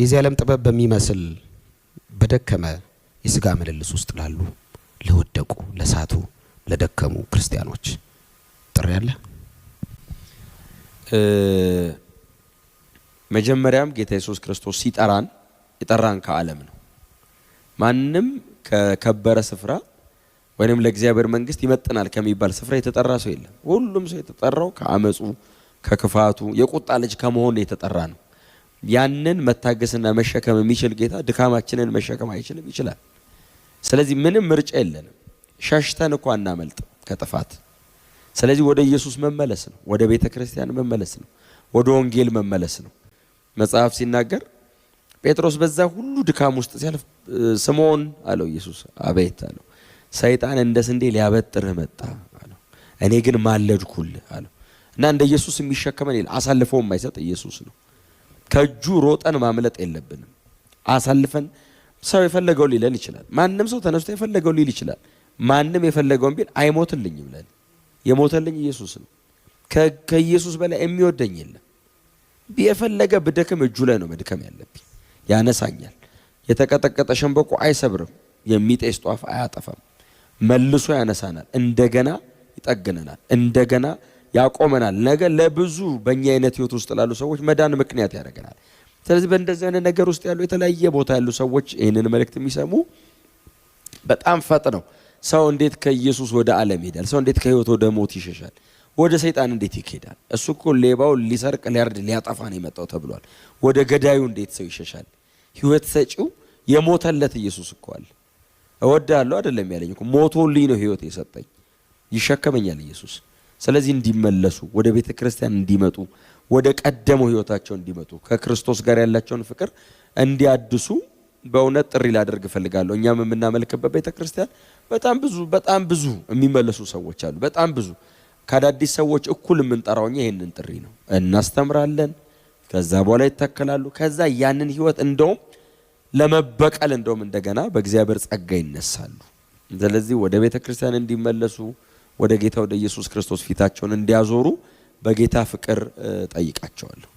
የዚህ ዓለም ጥበብ በሚመስል በደከመ የስጋ ምልልስ ውስጥ ላሉ ለወደቁ፣ ለሳቱ፣ ለደከሙ ክርስቲያኖች ጥሪ አለ። መጀመሪያም ጌታ ኢየሱስ ክርስቶስ ሲጠራን የጠራን ከዓለም ነው። ማንም ከከበረ ስፍራ ወይም ለእግዚአብሔር መንግስት ይመጥናል ከሚባል ስፍራ የተጠራ ሰው የለም። ሁሉም ሰው የተጠራው ከአመፁ፣ ከክፋቱ፣ የቁጣ ልጅ ከመሆን የተጠራ ነው። ያንን መታገስና መሸከም የሚችል ጌታ ድካማችንን መሸከም አይችልም፣ ይችላል። ስለዚህ ምንም ምርጫ የለንም። ሸሽተን እኳ አናመልጥ ከጥፋት። ስለዚህ ወደ ኢየሱስ መመለስ ነው፣ ወደ ቤተ ክርስቲያን መመለስ ነው፣ ወደ ወንጌል መመለስ ነው። መጽሐፍ ሲናገር ጴጥሮስ በዛ ሁሉ ድካም ውስጥ ሲያልፍ ስምዖን አለው ኢየሱስ፣ አቤት አለው። ሰይጣን እንደ ስንዴ ሊያበጥርህ መጣ አለው፣ እኔ ግን ማለድኩልህ አለው። እና እንደ ኢየሱስ የሚሸከመን አሳልፈው የማይሰጥ ኢየሱስ ነው። ከእጁ ሮጠን ማምለጥ የለብንም። አሳልፈን ሰው የፈለገው ሊለን ይችላል። ማንም ሰው ተነስቶ የፈለገው ሊል ይችላል። ማንም የፈለገውን ቢል አይሞትልኝ ብለን የሞተልኝ ኢየሱስ ነው። ከኢየሱስ በላይ የሚወደኝ የለም። የፈለገ ብደክም እጁ ላይ ነው መድከም ያለብኝ። ያነሳኛል። የተቀጠቀጠ ሸንበቆ አይሰብርም፣ የሚጤስ ጧፍ አያጠፋም። መልሶ ያነሳናል፣ እንደገና ይጠግነናል፣ እንደገና ያቆመናል። ነገ ለብዙ በእኛ አይነት ህይወት ውስጥ ላሉ ሰዎች መዳን ምክንያት ያደርገናል። ስለዚህ በእንደዚህ አይነት ነገር ውስጥ ያሉ የተለያየ ቦታ ያሉ ሰዎች ይህንን መልእክት የሚሰሙ በጣም ፈጥነው ሰው እንዴት ከኢየሱስ ወደ ዓለም ይሄዳል? ሰው እንዴት ከህይወት ወደ ሞት ይሸሻል? ወደ ሰይጣን እንዴት ይሄዳል? እሱ እኮ ሌባው ሊሰርቅ፣ ሊያርድ፣ ሊያጠፋ ነው የመጣው ተብሏል። ወደ ገዳዩ እንዴት ሰው ይሸሻል? ህይወት ሰጪው የሞተለት ኢየሱስ እኮ አለ። እወዳለሁ አይደለም ያለኝ እኮ ሞቶልኝ ነው ህይወት የሰጠኝ። ይሸከመኛል ኢየሱስ ስለዚህ እንዲመለሱ ወደ ቤተ ክርስቲያን እንዲመጡ ወደ ቀደመው ህይወታቸው እንዲመጡ ከክርስቶስ ጋር ያላቸውን ፍቅር እንዲያድሱ በእውነት ጥሪ ላደርግ እፈልጋለሁ። እኛም የምናመልክበት ቤተ ክርስቲያን በጣም ብዙ በጣም ብዙ የሚመለሱ ሰዎች አሉ። በጣም ብዙ ከአዳዲስ ሰዎች እኩል የምንጠራው እኛ ይህንን ጥሪ ነው። እናስተምራለን። ከዛ በኋላ ይተከላሉ። ከዛ ያንን ህይወት እንደውም ለመበቀል እንደውም እንደገና በእግዚአብሔር ጸጋ ይነሳሉ። ስለዚህ ወደ ቤተ ክርስቲያን እንዲመለሱ ወደ ጌታ ወደ ኢየሱስ ክርስቶስ ፊታቸውን እንዲያዞሩ በጌታ ፍቅር ጠይቃቸዋለሁ።